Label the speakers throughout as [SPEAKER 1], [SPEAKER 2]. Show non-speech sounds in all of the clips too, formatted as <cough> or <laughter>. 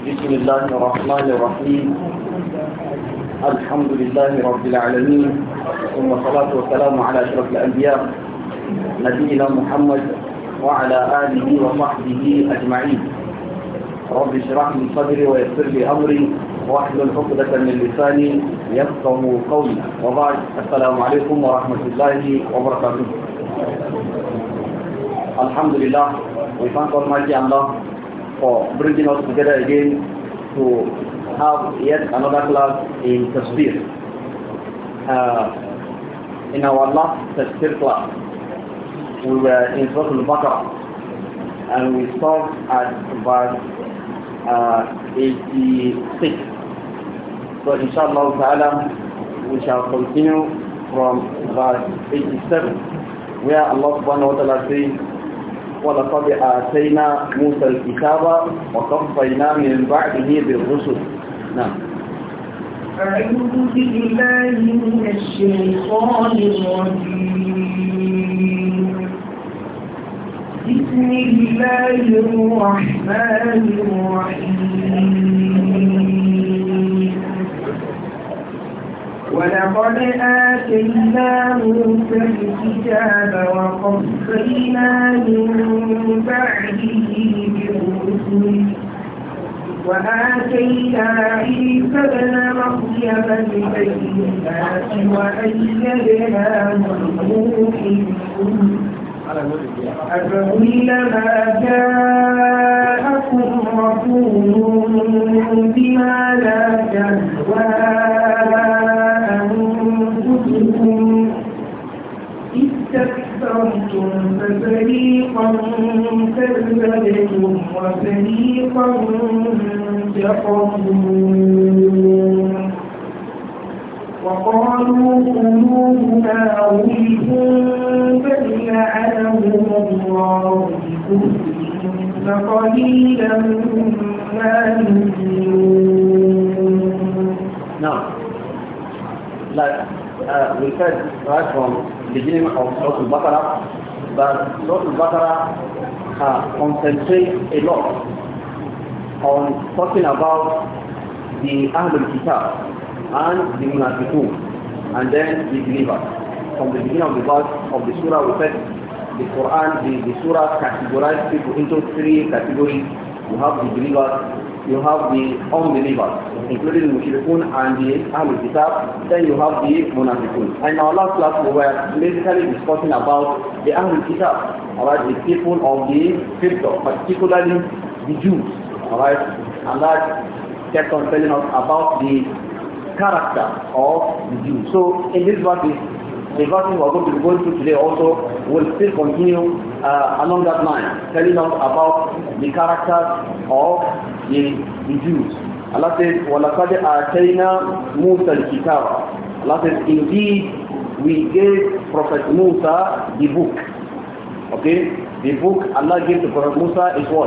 [SPEAKER 1] بسم الله الرحمن الرحيم الحمد لله رب العالمين ثم الصلاة والسلام على أشرف الأنبياء نبينا محمد وعلى آله وصحبه أجمعين رب اشرح لي صدري ويسر لي أمري واحلل عقدة من لساني يفقه قولي وبعد السلام عليكم ورحمة الله وبركاته الحمد لله we thank for bringing us together again to have yet another class in Tafsir. Uh, in our last Tafsir class, we were in Surah al and we stopped at verse uh, 86. So inshallah ta'ala, we shall continue from verse 87 where Allah subhanahu wa ta'ala says ولقد آتينا موسى الكتاب وقفينا من بعده بالرسل نعم
[SPEAKER 2] أعوذ بالله من الشيطان الرجيم بسم الله الرحمن الرحيم ولقد آتينا موسى الكتاب وقصينا من بعده بالرسل وآتينا عيسى ابن مريم البينات وأيدناه بروح أفكلما جاءكم رسول بما لا تهوى استكثرتم ففريقا كذبتم وفريقا تقضون وقالوا قلوبنا غلف بل لعنهم الله بكفرهم فقليلا ما يؤمنون نعم
[SPEAKER 1] لا uh, we said right from the beginning of Surah Al-Baqarah, that Surah Al-Baqarah uh, concentrates a lot on talking about the Ahlul Kitab and the Munafiqun and then the believers. From the beginning of the verse of the surah we said the Quran, the, the surah categorized people into three categories. You have the believers, you have the unbelievers, including the Mushrikun and the Ahlul Kitab, then you have the Munafikun. in our last class, we were basically discussing about the Ahlul Kitab, about the people of the scripture, particularly the Jews, alright, and that kept on telling us about the character of the Jews. So in this verse, the verses we're going to be going through today also will still continue uh, along that line, telling us about the character of the, the Jews. Allah says, وَلَقَدْ آتَيْنَا مُوسَى الْكِتَابَ Allah says, indeed, we gave Prophet Musa the book. Okay? The book Allah gave to Prophet Musa is what?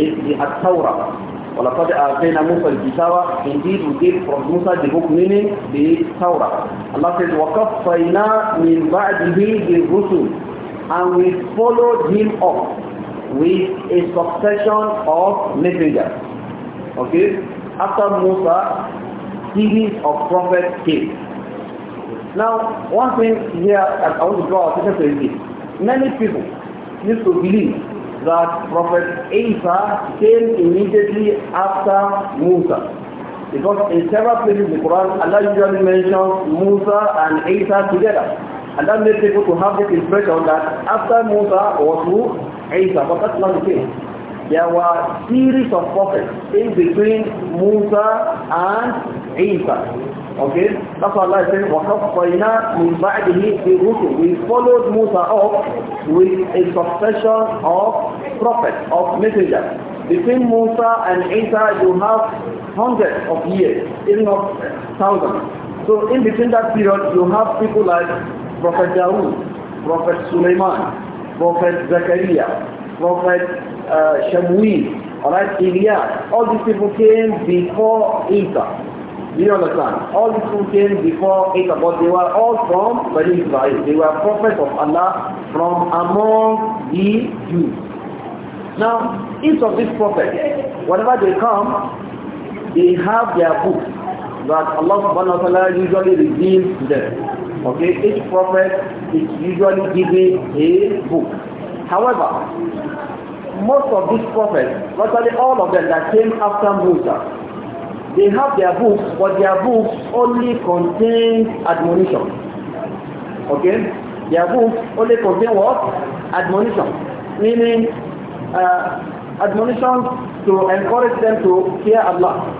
[SPEAKER 1] Is the At-Tawrah. ولقد آتينا موسى الكتاب indeed we gave from Musa the book meaning the says وَقَفَّيْنَا من بعده بِالرُّسُلِ and we followed him up with a succession of messengers okay after Musa series of prophets came now one thing here I want to draw our attention to is this many people used to believe that Prophet Isa came immediately after Musa. Because in several places in the Quran, Allah usually mentions Musa and Isa together. And that makes people to have this impression that after Musa was who? Isa. But that's not the case. There were series of prophets in between Musa and Isa. Okay? That's why Allah is saying, وَحَفَّيْنَا مِنْ بَعْدِهِ بِرُسُلٍ We followed Musa up with a succession of prophets, of messengers. Between Musa and Isa, you have hundreds of years, even not thousands. So in between that period, you have people like Prophet Dawood, Prophet Sulaiman, Prophet Zechariah, Prophet uh, Shamuel, alright, All these people came before Isa. You understand? All these who came before eight of they were all from Bani Israel. They were prophets of Allah from among the Jews. Now, each of these prophets, whenever they come, they have their book that Allah subhanahu wa ta'ala usually reveals to them. Okay, each prophet is usually given a book. However, most of these prophets, virtually all of them that came after Musa, They have their books, but their books only contain admonition. Okay? Their books only contain what? Admonition. Meaning, uh, admonition to encourage them to fear Allah,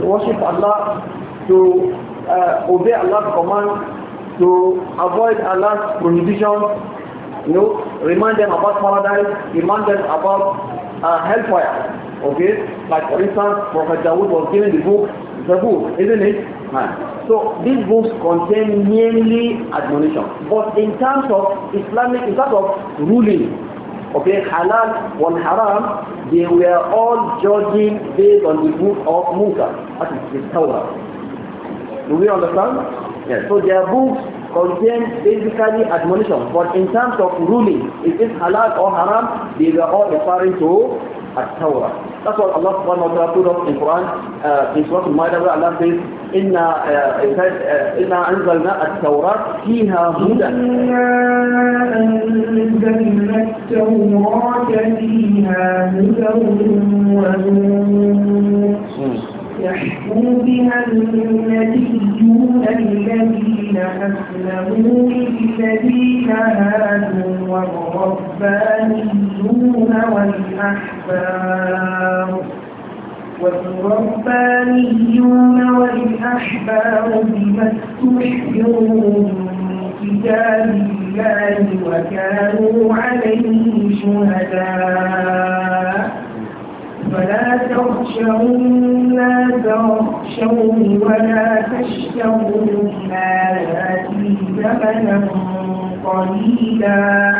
[SPEAKER 1] to worship Allah, to uh, obey Allah's command, to avoid Allah's prohibition, you know, remind them about paradise, remind them about uh, hellfire. Okay? Like for instance, Prophet Dawood was given the book, book, isn't it? So these books contain mainly admonition. But in terms of Islamic, in terms of ruling, okay, halal and haram, they were all judging based on the book of Musa, that is the Torah. Do we understand? Yes. So their books contain basically admonition, but in terms of ruling, is it halal or haram, they were all referring to التوراة. That's what Allah subhanahu wa ta'ala told us in Quran, uh, in Surah Al-Ma'idah, where Allah says, إِنَّا إِنَّا أَنزَلْنَا التَّوْرَاةَ فِيهَا هُدًى
[SPEAKER 2] إِنَّا أَنزَلْنَا التَّوْرَاةَ فِيهَا هُدًى يحكم بها النبيون الذين أسلموا للذين هادوا والربانيون والأحبار والربانيون والأحبار بما استحفروا كتاب الله وكانوا عليه شهداء فلا تخشون الناس واخشوني ولا تشتروا بآياتي ثمنا قليلا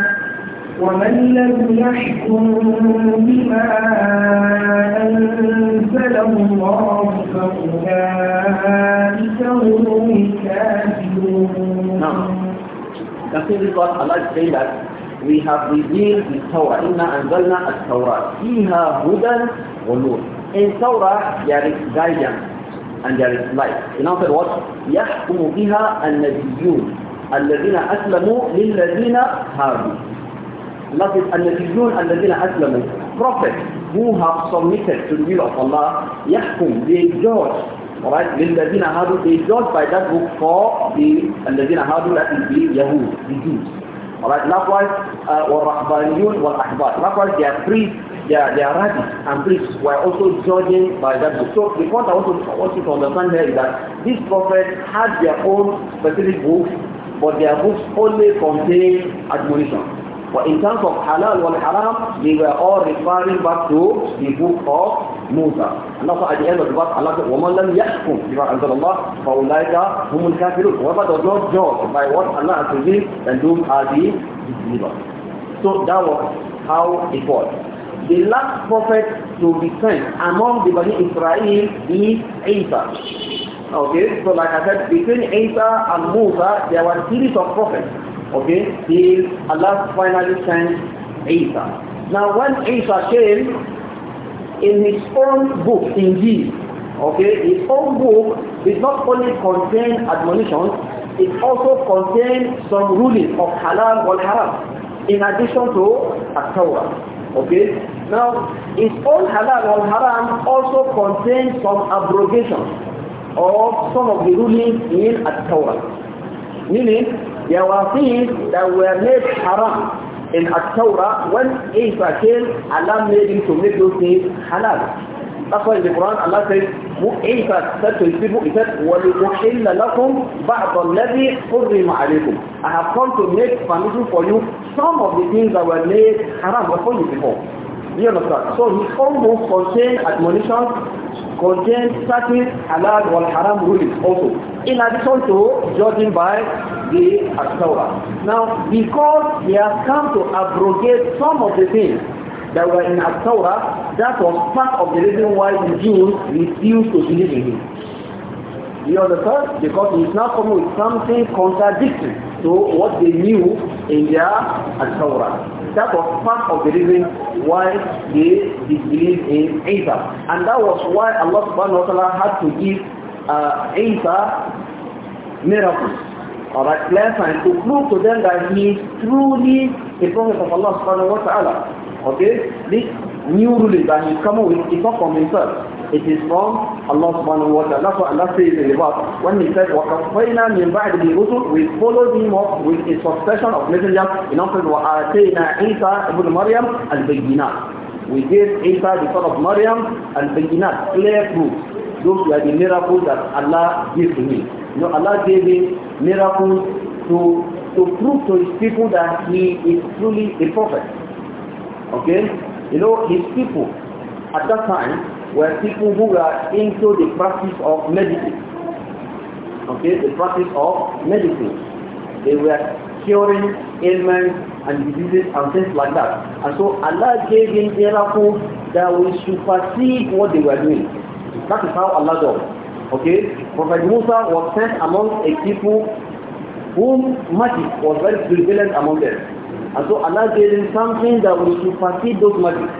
[SPEAKER 2] ومن لم يحكم بما أنزل الله فأولئك هم
[SPEAKER 1] الكافرون. نعم. that's الله reason Allah that we have revealed the Torah Inna anzalna al-Tawrah. Fiha hudan wa nur. in Torah there is guidance and there is light in other words يحكم بها النبيون الذين أسلموا للذين هادوا لكن النبيون الذين أسلموا prophets who have submitted to the will of Allah Yahkum, they judge Alright, للذين هادوا they judge by that book for the الذين هادوا that is the Yahud, the Jews Alright, likewise, uh, وَالرَّحْبَانِيُّونَ وَالْأَحْبَارِ Likewise, they are priests, they are, they are rabbis and priests were also judging by that book. So the point I want, to, I want you to understand here is that these prophets had their own specific books, but their books only contain admonition. But in terms of halal and haram, they were all referring back to the book of Musa. And also at the end of the verse, Allah said, وَمَنْ لَمْ يَحْكُمْ بِمَا أَنزَلَ اللَّهُ فَأُولَٰئِكَ هُمُ الْكَافِرُونَ Whoever does not judge by what Allah has revealed, then those are the disbelievers. So that was how it was. The last prophet to be sent among the Bani Israel is Isa. Okay, so like I said, between Isa and Musa, there were a series of prophets. Okay, till Allah finally sent Isa. Now when Isa came, in his own book, indeed. Okay, his own book is not only contain admonitions, it also contains some rulings of halal or haram, in addition to at-Tawrah. Okay, now his own halal or haram also contains some abrogations of some of the rulings in at-Tawrah. Meaning, there were things that were made haram in a Torah when Isa came, Allah made him to make those things halal. That's why in the Quran Allah says, Isa said to his people, he said, وَلِأُحِلَّ لَكُمْ بَعْضَ الَّذِي حُرِّمَ عَلَيْكُمْ I have come to make permission for you some of the things that were made haram before you before. You understand? So his own book contains admonition, contains certain halal or haram rulings also, in addition to judging by the Torah. Now, because he has come to abrogate some of the things that were in Torah, that was part of the reason why the Jews refused to believe in him. You understand? Because he is now coming with something contradictory to what they knew in their Torah. that was part of the reason why they disbelieved in Isa. And that was why Allah subhanahu wa ta'ala had to give uh, Isa miracles. Alright, and to prove to them that he is truly the prophet of Allah subhanahu wa ta'ala. Okay? This new rulings that he's coming with is not from himself. It is from Allah subhanahu wa ta'ala. That's what Allah says in the verse. When he said, وَكَفَّيْنَا مِنْ بَعْدِ رُسُلْ We followed him up with a succession of messengers. In other words, وَآتَيْنَا عِيسَى ibn Maryam al-Bayyinat. We gave Isa the son of Maryam al-Bayyinat, clear proof. Those were the miracles that Allah gave to him. You know, Allah gave him miracles to, to prove to his people that he is truly a prophet. Okay? You know, his people at that time were people who were into the practice of medicine. Okay, the practice of medicine. They were curing ailments and diseases and things like that. And so Allah gave him miracles that will supersede what they were doing. That is how Allah does. Okay? Prophet Musa was sent among a people whom magic was very prevalent among them. And so Allah gave him something that will supersede those magic.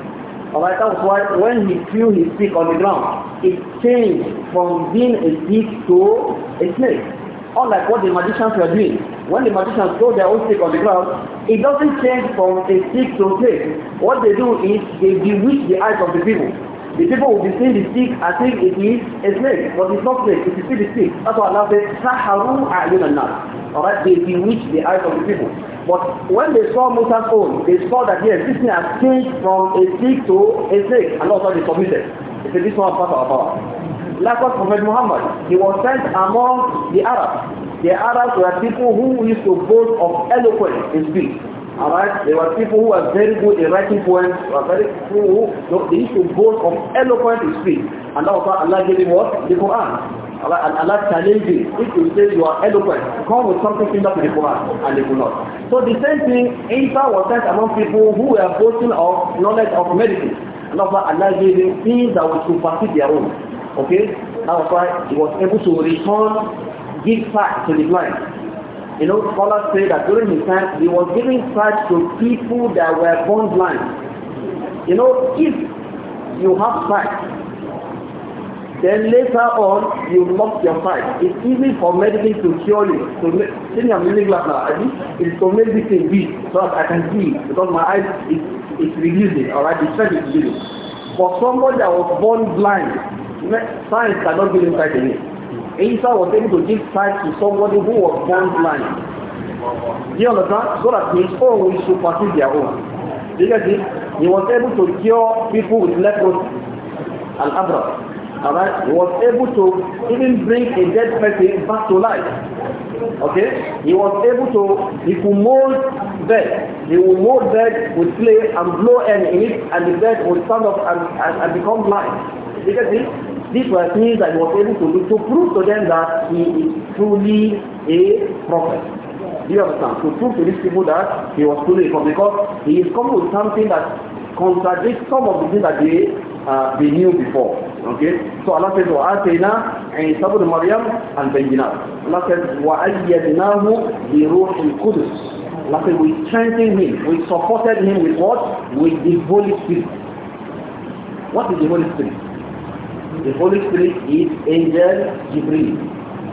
[SPEAKER 1] Alright, that's why when he threw his stick on the ground, it changed from being a stick to a snake. Unlike what the magicians were doing. When the magicians throw their own stick on the ground, it doesn't change from a stick to a snake. What they do is they bewitch the eyes of the people. The people will be seeing the stick as think it is a snake, but it's not snake, it is still the stick. That's why Allah says, Saharu A'yun al Alright, they bewitched the eyes of the people. But when they saw Musa's own, they saw that yes, this thing has changed from a stick to a snake, and also they submitted. They said, this one part of our power. Likewise, Prophet Muhammad, he was sent among the Arabs. The Arabs were people who used to boast of eloquence in speech. Alright, they were people who were very good in writing poems, were very people who they used to boast of eloquent speech. And also Allah gave him what? The Quran. Allah challenges if you say you are eloquent, come with something similar to the Quran and they will not. So the same thing, Isa was sent among people who were boasting of knowledge of medicine. And that's Allah gave things that would supersede their own. Okay? That was why he was able to return, give sight to the blind. You know, scholars say that during his time, he was giving sight to people that were born blind. You know, if you have sight, Then later on, you lock your mind. It's easy for medicine to cure you. So, since I'm using glass now, I think it's to make this thing big so that I can see because my eyes is, is reducing, alright? The strength is reducing. For somebody that was born blind, science cannot give him sight again. Isa was able to give sight to somebody who was born blind. Do you understand? So that his own will supersede their own. Because he was able to cure people with leprosy and others. Alright, he was able to even bring a dead person back to life. Okay? He was able to, he could mold bed. He would mold bed with clay and blow air in it and the bed would stand up and, and, and become live. You can see? These were things that he was able to do to prove to them that he is truly a prophet. Do you understand? To prove to these people that he was truly a prophet because he is coming with something that contradicts some of the things that they, uh, they knew before. Okay? So Allah says, وَآتَيْنَا عِيسَى بْنَ مَرْيَمَ الْبَيِّنَاتِ Allah says, وَأَيَّدْنَاهُ بِرُوحِ الْقُدُسِ Allah says, we strengthened him, we supported him with what? With the Holy Spirit. What is the Holy Spirit? The Holy Spirit is Angel Jibril.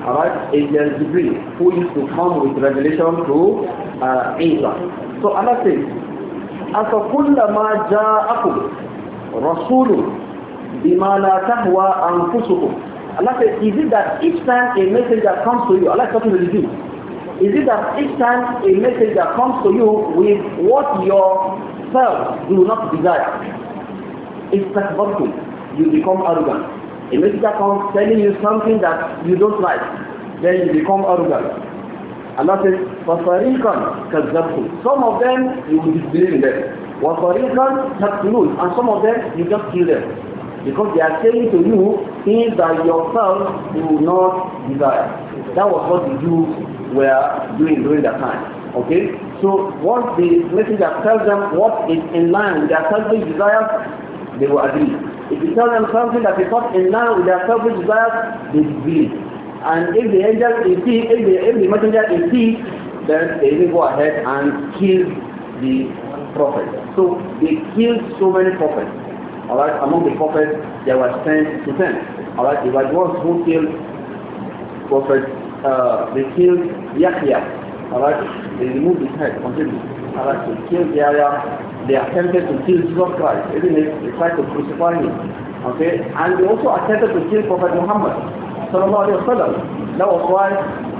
[SPEAKER 1] Alright? Angel Jibril, who used to come with revelation to uh, Isa. So Allah says, أَفَكُلَّمَا جَاءَكُمْ رَسُولٌ بِمَا لَا Allah says, is it that each time a message that comes to you, Allah is talking to the Jews, is it that each time a message that comes to you with what self do not desire, it's successful, you become arrogant. A message comes telling you something that you don't like, then you become arrogant. Allah says, فَفَرِيقًا كَذَّبْتُمْ Some of them, you will disbelieve in them. وَفَرِيقًا تَقْتُلُونَ And some of them, you just kill them. Because they are saying to you things that yourself do not desire. That was what the Jews were doing during that time. Okay? So what the messenger tells them what is in line with their selfish desires, they will agree. If you tell them something that is not in line with their selfish desires, they disagree. And if the angel is see, if the, if the messenger is see, then they will go ahead and kill the prophet. So they killed so many prophets. Alright, among the prophets, there were ten to ten. Alright, it was ones who killed prophet, uh, they killed Yahya. Alright, they removed his head completely. Alright, they killed Yahya. They attempted to kill Jesus Christ, even if they tried to crucify him. Okay, and they also attempted to kill Prophet Muhammad. That was why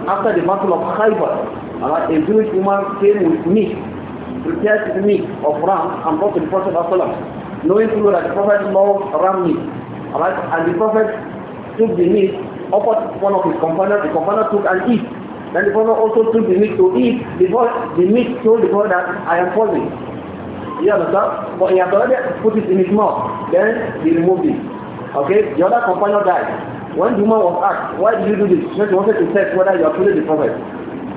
[SPEAKER 1] after the battle of Khaybar, a Jewish woman came with meat, prepared meat of ram and brought to the Prophet knowing through that the Prophet mauled ram meat. Alright? And the Prophet took the meat, offered one of his companions, the companion took and eat. Then the Prophet also took the meat to eat the meat told the Prophet that I am falling. You understand? But he had already put it in his mouth. Then he removed it. Okay? The other companion died. When the woman was asked, why did you do this? She wanted to test whether you are truly the Prophet.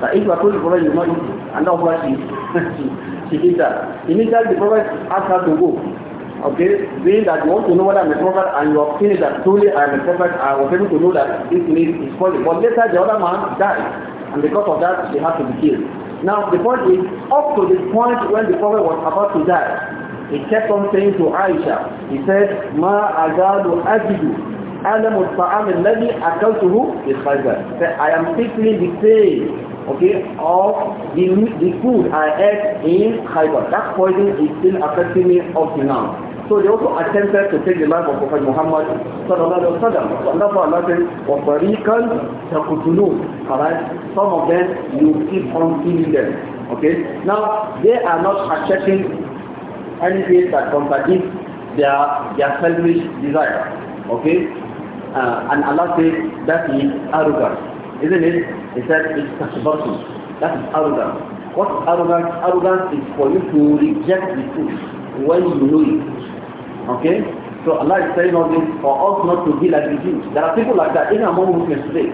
[SPEAKER 1] That if you are truly the Prophet, you are not And that's why she, <laughs> she, she did that. Initially the Prophet asked her to go okay, being that you want to know what I'm a prophet and you have seen it that truly I'm a prophet, I was able to know that this need is for. But later the other man died, and because of that he had to be killed. Now the point is, up to the point when the prophet was about to die, he kept on saying to Aisha, he said, Ma azadu ajidu alamu ta'am alladhi akaltuhu is Said I am sickly the pain, okay, of the, the food I ate in Khaybar. That poison is still affecting me up to now. So they also attempted to take the life of Prophet Muhammad sallallahu alaihi wasallam. So Allah says, وَفَرِيقًا تَقُتُلُونَ Alright, some of them you keep on killing them. Okay, now they are not accepting anything that contradicts their, their selfish desire. Okay, uh, and Allah says that is arrogance. Isn't it? He said it's tashabbatum. That is arrogance. What arrogance? Arrogance is for you to reject the truth when you know it. Okay? So Allah is telling all this for us not to be like the Jews. There are people like that even among Muslims today.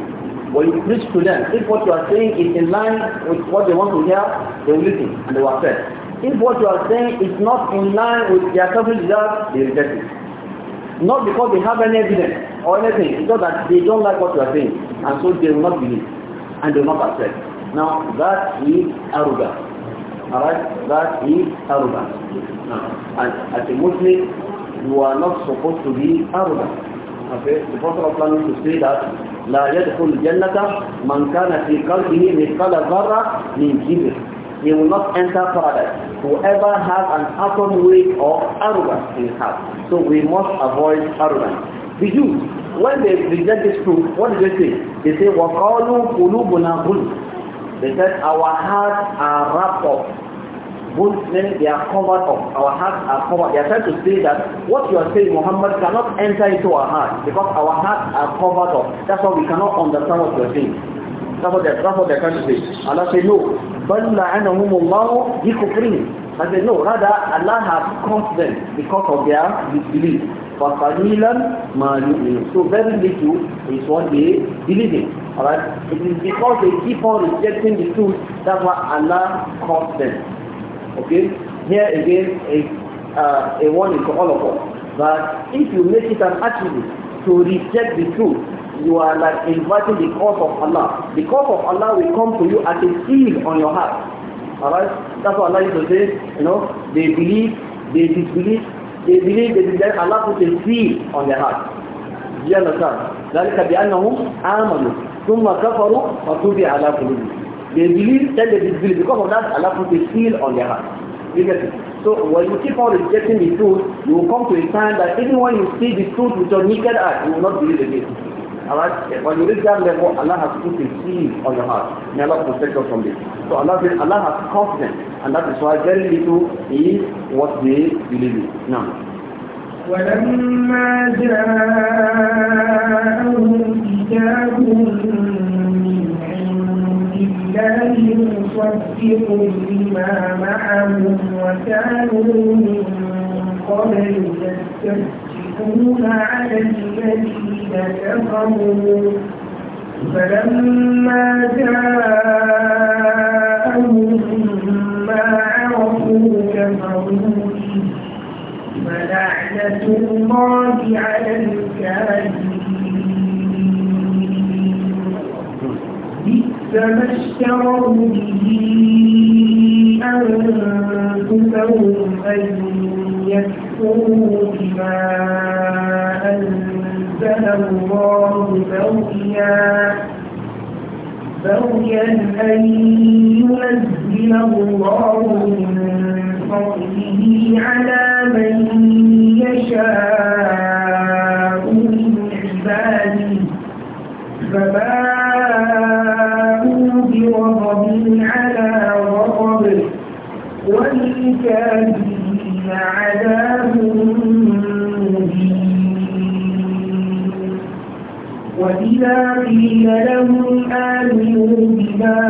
[SPEAKER 1] When you preach to them, if what you are saying is in line with what they want to hear, they will listen and they will accept. If what you are saying is not in line with their selfish desires, they reject it. Not because they have any evidence or anything, it's just that they don't like what you are saying. And so they will not believe and they will not accept. Now that is arrogance. Alright? That is arrogance. Now, and as a Muslim, you are not supposed to be arrogant. Okay? The Prophet of Allah used to say that لا يدخل الجنة من كان في قلبه مثقال ذرة من كبر. He will not enter paradise. Whoever has an atom weight of arrogance in his heart. So we must avoid arrogance. The Jews, when they present this truth, what do they say? They say, وَقَالُوا قُلُوبُنَا غُلْبٌ They said, our hearts are wrapped up Muslims, they are covered up. Our hearts are covered. They are trying to say that what you are saying, Muhammad, cannot enter into our hearts because our hearts are covered up. That's why we cannot understand what you are saying. That's what they're, that's what they're trying to say. Allah said, no. بَلْ لَعَنَهُمُ I said, no, rather Allah has caused them because of their disbelief. فَقَلِيلًا مَا So very little is what they believe in. Alright? It is because they keep on rejecting the truth, that's why Allah caused them. Okay? Here again, a, uh, a warning to all of us that if you make it an attribute to reject the truth, you are like inviting the cause of Allah. The cause of Allah will come to you as a seal on your heart. Alright? That's what Allah used to say, you know, they believe, they disbelieve, they believe they that Allah put a seal on their heart. Do you understand? ذلك بأنهم آمنوا ثم كفروا وتبع على قلوبهم They believe, then they disbelieve. Because of that, Allah puts a seal on their heart. You get it? So when you keep on rejecting the truth, you will come to a time that even when you see the truth with your naked eye, you will not believe again. Alright? When you reach that level, Allah has put a seal on your heart. May Allah protect us from this. So Allah says, Allah has confidence. And that is why very little is what they believe in. Now.
[SPEAKER 2] ولما جاءهم كتاب لا يصدق لما معهم وكانوا من قبل يستفتحون على الذين كفروا فلما جاءهم ما عرفوا كفروا فلعنة الله على الكافرين كما به أنفسهم أن يكفروا بما أنزل الله بغيا بغيا أن ينزل الله من فضله على وإذا قيل لهم آمنوا بما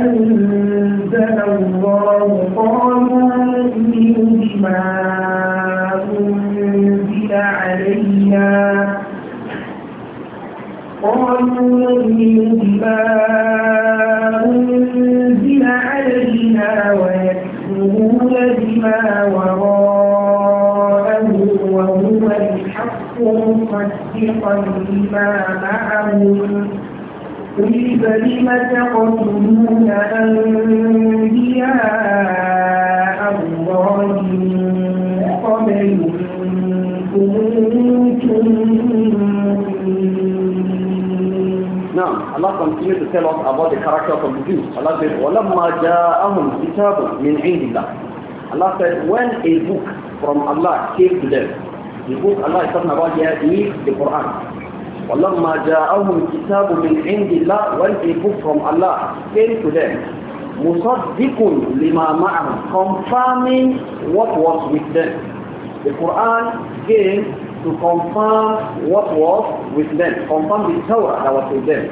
[SPEAKER 2] أنزل الله قالوا نؤمن بما أنزل علينا قالوا نؤمن بما مصدقا لما تقتلون أنبياء الله قبل
[SPEAKER 1] Now, Allah continues to tell us about the character of the Jews. Allah said, وَلَمَّا جَاءَهُمْ كِتَابٌ مِنْ عِنْدِ اللَّهِ Allah said, when a book from Allah came to them, يقول الله يسرنا راجع في القرآن ولما جاءهم كتاب من عند الله والإبوك from الله came to them مصدق لما معهم confirming what was with them the Quran came to confirm what was with them confirm the Torah that was with them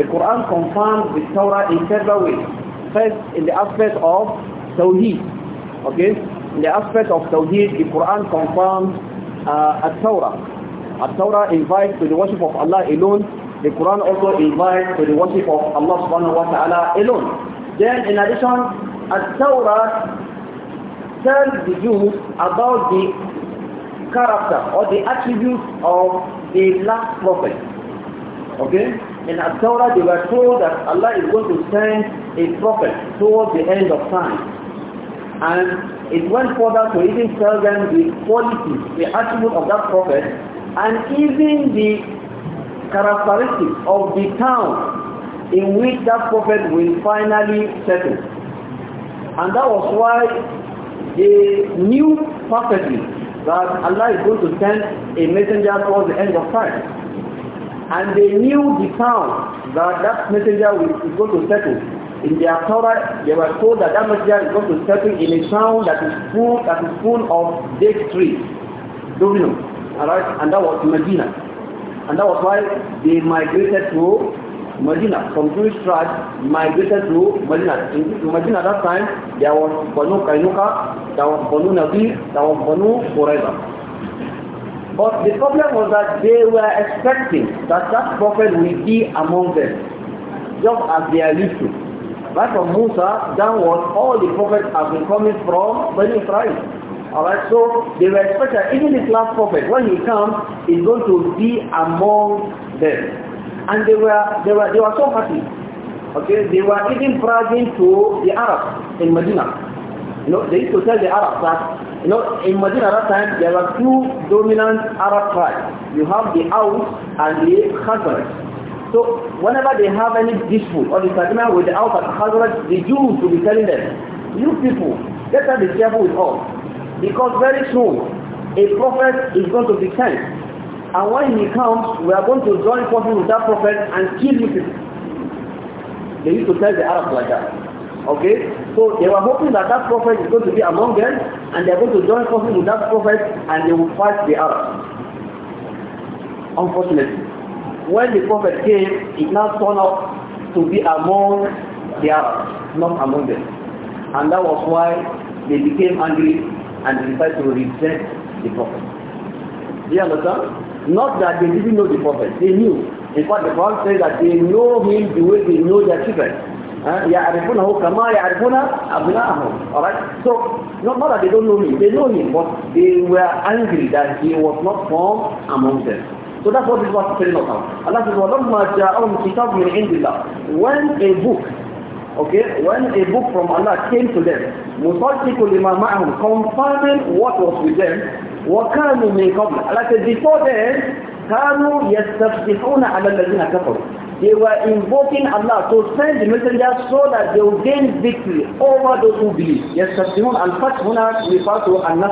[SPEAKER 1] the Quran confirmed the Torah in several ways first in the aspect of Tawheed okay in the aspect of Tawheed the Quran confirmed uh, At-Tawrah. At-Tawrah invites to the worship of Allah alone. The Quran also invites to the worship of Allah subhanahu wa ta'ala alone. Then in addition, At-Tawrah tells the Jews about the character or the attributes of the last prophet. Okay? In At-Tawrah they were told that Allah is going to send a prophet towards the end of time. And it went further to even tell them the quality, the attribute of that prophet, and even the characteristics of the town in which that prophet will finally settle. And that was why they knew perfectly that Allah is going to send a messenger towards the end of time. And they knew the town that that messenger is going to settle. In their Torah, they were told that that Messiah is going to settle in a town that is full, that is full of dead trees, know? alright, and that was Medina. And that was why they migrated to Medina, from Jewish tribes migrated to Medina. In Medina at that time, there was Banu Kainuka, there was Banu Nabi, there was Banu Quraiza. But the problem was that they were expecting that that prophet will be among them, just as they are used to. Back from Musa downward, all the prophets have been coming from Bani Israel. Alright, so they were expected, even this last prophet, when he comes, he's going to be among them. And they were, they were, they were so happy. Okay, they were even bragging to the Arabs in Medina. You know, they used to tell the Arabs that, you know, in Medina at that time, there were two dominant Arab tribes. You have the Aus and the Khazars. So whenever they have any dispute or disagreement with the Alf and Hazrat, the Jews will be telling them, you people, let us be careful with us. Because very soon, a prophet is going to be sent. And when he comes, we are going to join forces with that prophet and kill you people. They used to tell the Arabs like that. Okay? So they were hoping that that prophet is going to be among them and they are going to join forces with that prophet and they will fight the Arabs. Unfortunately when the prophet came, it now turned out to be among the Arabs, not among them. And that was why they became angry and decided to reject the prophet. Do you understand? Not that they didn't know the prophet, they knew. In fact, the Quran says that they know him the way they know their children. يعرفونه كما يعرفون أبناءهم alright so not, not that they don't know him they know him but they were angry that he was not from among them So that's what this verse is telling us now. Allah says, وَلَمَّا جَاءَهُمْ كِتَابٌ مِنْ عِنْدِ اللَّهِ When a book, okay, when a book from Allah came to them, مُصَدِّقُ لِمَا مَعَهُمْ confirming what was with them, وَكَانُوا مِنْ قَبْلِ Allah says, before then, كَانُوا يَسْتَفْتِحُونَ عَلَى الَّذِينَ كَفَرُوا they were invoking Allah to send the messenger so that they will gain victory over those who believe. Yes, Tashimun and Fathuna refer to an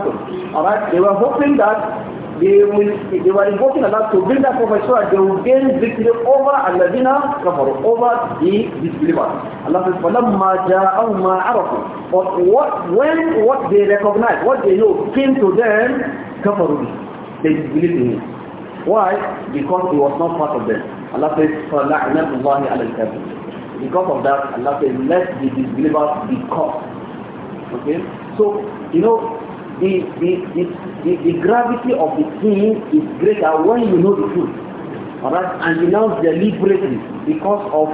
[SPEAKER 1] Alright, they were hoping that they will they were invoking Allah to bring that prophet so that they will gain victory over Al-Ladina kafaru, over the disbelievers. Allah says, فَلَمَّا جَاءَهُمْ مَا عَرَفُوا But what, when what they recognize, what they know came to them, kafaru They disbelieved in him. Why? Because he was not part of them. Allah says, Allah اللَّهِ عَلَى الْكَافِرِينَ Because of that, Allah says, let the disbelievers be caught. Okay? So, you know, the, the, the the, the gravity of the thing is greater when you know the truth. Alright? And you now deliberately, because of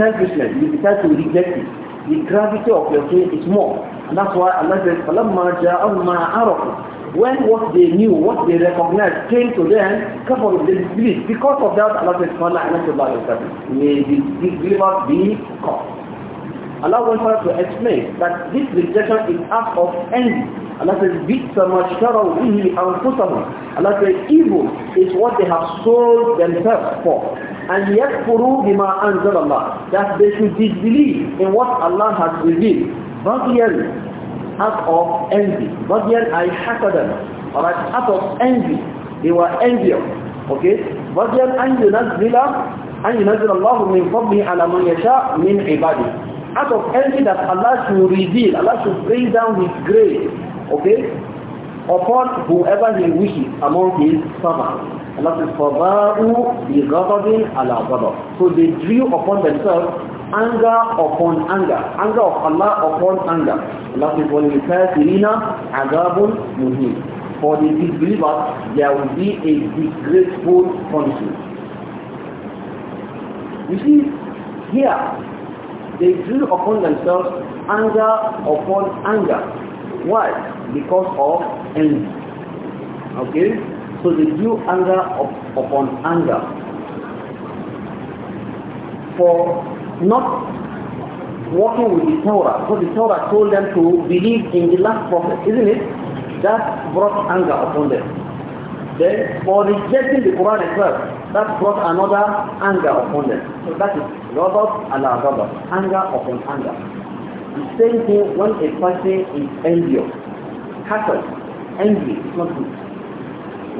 [SPEAKER 1] selfishness, you decide to reject it. The gravity of your thing is more. And that's why Allah says, فَلَمَّا جَاءَهُمْ مَا عَرَفُوا When what they knew, what they recognized came to them, couple of them disbelieved. Because of that, Allah says, فَلَا عَلَيْهُ اللَّهُ يَسَبِّهُ May the disbelievers be caught. Allah wants us to explain that this rejection is act of envy. Allah says, بِئْسَ مَشْتَرَوْا al أَنفُسَهُم Allah says, evil is what they have sold themselves for. And yet, يَكْفُرُوا بِمَا أَنزَلَ اللَّهِ That they should disbelieve in what Allah has revealed. Bagyan, act of envy. Bagyan ay hasadan. Alright, act of envy. They were envious. Okay? Bagyan an yunazzila an yunazzila Allah min fadli ala man yasha min ibadihi. out of envy that Allah should reveal, Allah should bring down His grace, okay, upon whoever He wishes among His servants. Allah says, فَضَاءُوا بِغَضَبٍ عَلَىٰ غَضَبٍ So they drew upon themselves anger upon anger, anger of Allah upon anger. Allah says, وَلِلْكَافِرِينَ adabun مُهِينٌ For the disbelievers, there will be a disgraceful punishment. You see, here, they drew upon themselves anger upon anger. Why? Because of envy. Okay? So they drew anger up, upon anger. For not working with the Torah. Because so the Torah told them to believe in the last prophet, isn't it? That brought anger upon them. Then for rejecting the Quran itself, that brought another anger upon them. So that is robot Allah robot, anger upon anger. The same thing when a person is envious, hatred, envy, it's not good.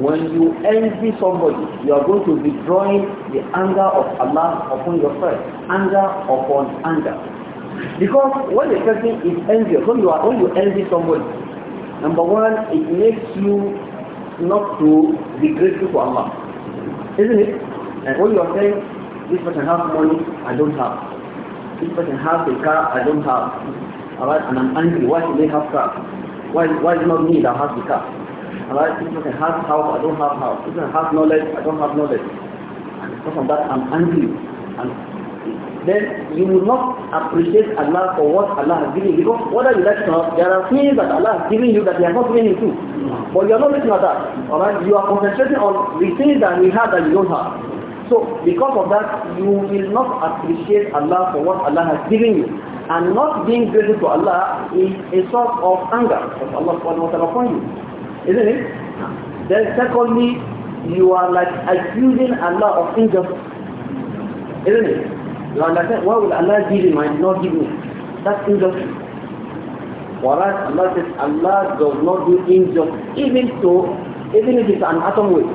[SPEAKER 1] When you envy somebody, you are going to be drawing the anger of Allah upon yourself, anger upon anger. Because when a person is envious, when you are when you envy somebody, number one, it makes you not to be grateful to Allah. Isn't it? And when you are saying, this person has money, I don't have. This person has a car, I don't have. Alright, and I'm angry, why should they have car? Why, why is it not me that has the car? Alright, this person has house, I don't have house. This person has knowledge, I don't have knowledge. And because of that, I'm angry. And then you will not appreciate Allah for what Allah has given you. Because are you like it there are things that Allah has given you that you are not given you to. But you are not looking at that. Alright? You are concentrating on the things that we have that you don't have. So because of that, you will not appreciate Allah for what Allah has given you. And not being grateful to Allah is a source of anger of Allah upon you. Isn't it? Then secondly, you are like accusing Allah of injustice. Isn't it? You understand? Why would Allah give him and not give me? That's injustice. Whereas Allah says Allah does not do injustice, even so, even if it's an atom weight.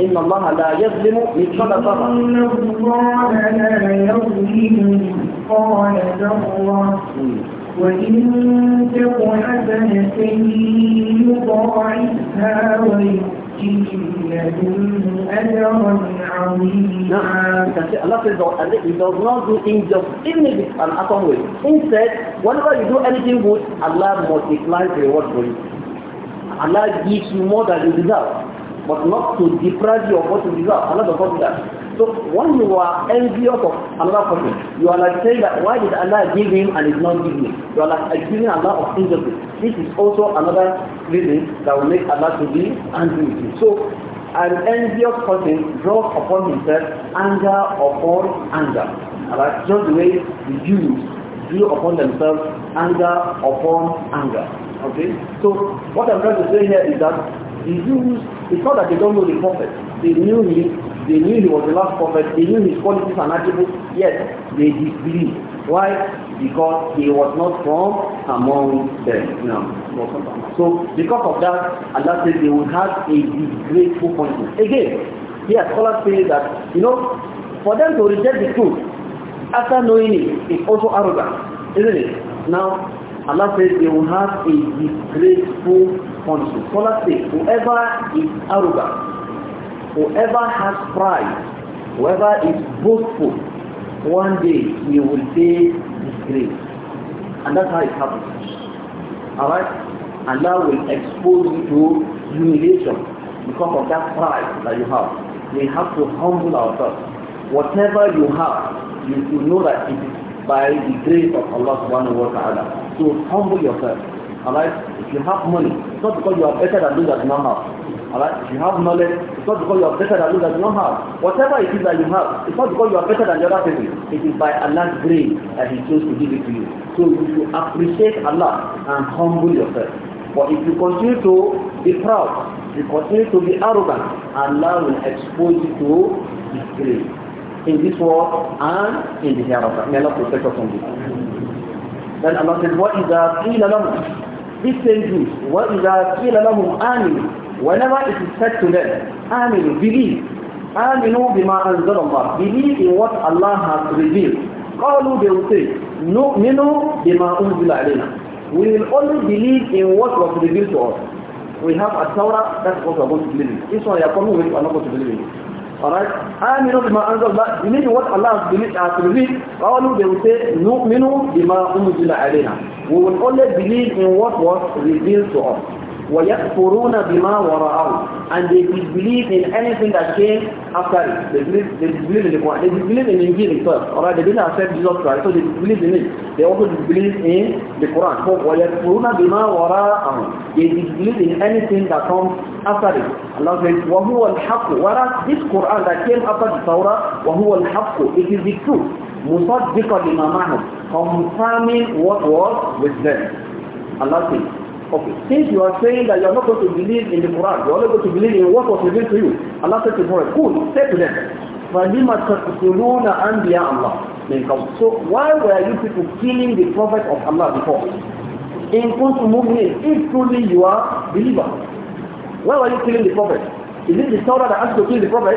[SPEAKER 1] إن الله لا يظلم مثقال ذرة.
[SPEAKER 2] إن الله لا يظلم مثقال ذرة وإن تك حسنة
[SPEAKER 1] يضاعفها ويؤتي now, Allah says, and it does not do injustice, even if it's an atom way. Instead, whenever you do anything good, Allah multiplies the reward for you. Allah gives you more than you deserve, but not to deprive you of what you deserve. Allah does not do that. So when you are envious of another person, you are like saying that why did Allah give him and is not giving you? You are like giving Allah of injustice. This is also another reason that will make Allah to be angry with you. So an envious person draws upon himself anger upon anger. Alright, just the way the Jews drew upon themselves anger upon anger. Okay? So what I'm trying to say here is that the Jews, it's not that they don't know the prophet. They knew him, They knew he was the last prophet. They knew his qualities and attributes. Yet they disbelieved. Why? Because he was not from among them. No. So because of that, Allah said they will have a disgraceful punishment. Again, here scholars say that, you know, for them to reject the truth after knowing it is also arrogant, isn't it? Now, Allah says they will have a disgraceful punishment. Scholars say whoever is arrogant whoever has pride, whoever is boastful, one day you will pay disgrace. And that's how it happens. Alright? And that will expose you to humiliation because of that pride that you have. We have to humble ourselves. Whatever you have, you should know that it is by the grace of Allah subhanahu wa ta'ala. So humble yourself. Alright? If you have money, it's not because you are better than those that do not have. Alright? you have knowledge, it's not because you are better than those that you don't have. Whatever it is that you have, it's not because you are better than the other people. It is by Allah's grace that He chose to give it to you. So you should appreciate Allah and humble yourself. But if you continue to be proud, you continue to be arrogant, Allah will expose you to disgrace in this world and in the hereafter. May Allah protect us from this. Then Allah said, What is that? This same Jews, what is that? Whenever it is said to them, Aminu, believe. Aminu bima anzal Allah. Believe in what Allah has revealed. Qalu, they will say, Nu'minu bima unzil alayna. We will only believe in what was revealed to us. We have a Torah, that's what we are going to believe in. This one you are coming with, you are not going to believe in. Alright? Aminu bima anzal Allah. Believe in what Allah has revealed. Qalu, they will say, Nu'minu bima unzil alayna. We will only believe in what was revealed to us. وَيَكْفُرُونَ بِمَا وَرَأَوْا And they disbelieve in anything that came after it. They believe they disbelieve in the Quran. They disbelieve in the Injil itself. Alright, they didn't accept Jesus Christ, so they disbelieve in it. They also disbelieve in the Quran. So وَيَكْفُرُونَ بِمَا وَرَأَوْا They disbelieve in anything that comes after it. Allah says, وَهُوَ الْحَقُّ Whereas this Quran that came after the Torah, وَهُوَ الْحَقُّ It is the truth. مُصَدِّقًا لِمَا مَعَهُمْ Confirming what was with them. Allah says, Okay, since you are saying that you are not going to believe in the Quran, you are not going to believe in what was revealed to you, Allah said to Muhammad, cool, say to them, فَلِمَ تَقْتُلُونَ أَنْبِيَا اللَّهِ So why were you people killing the Prophet of Allah before? In kuntum me. if truly you are believer. Why were you killing the Prophet? Is it the Torah that asked you to kill the Prophet?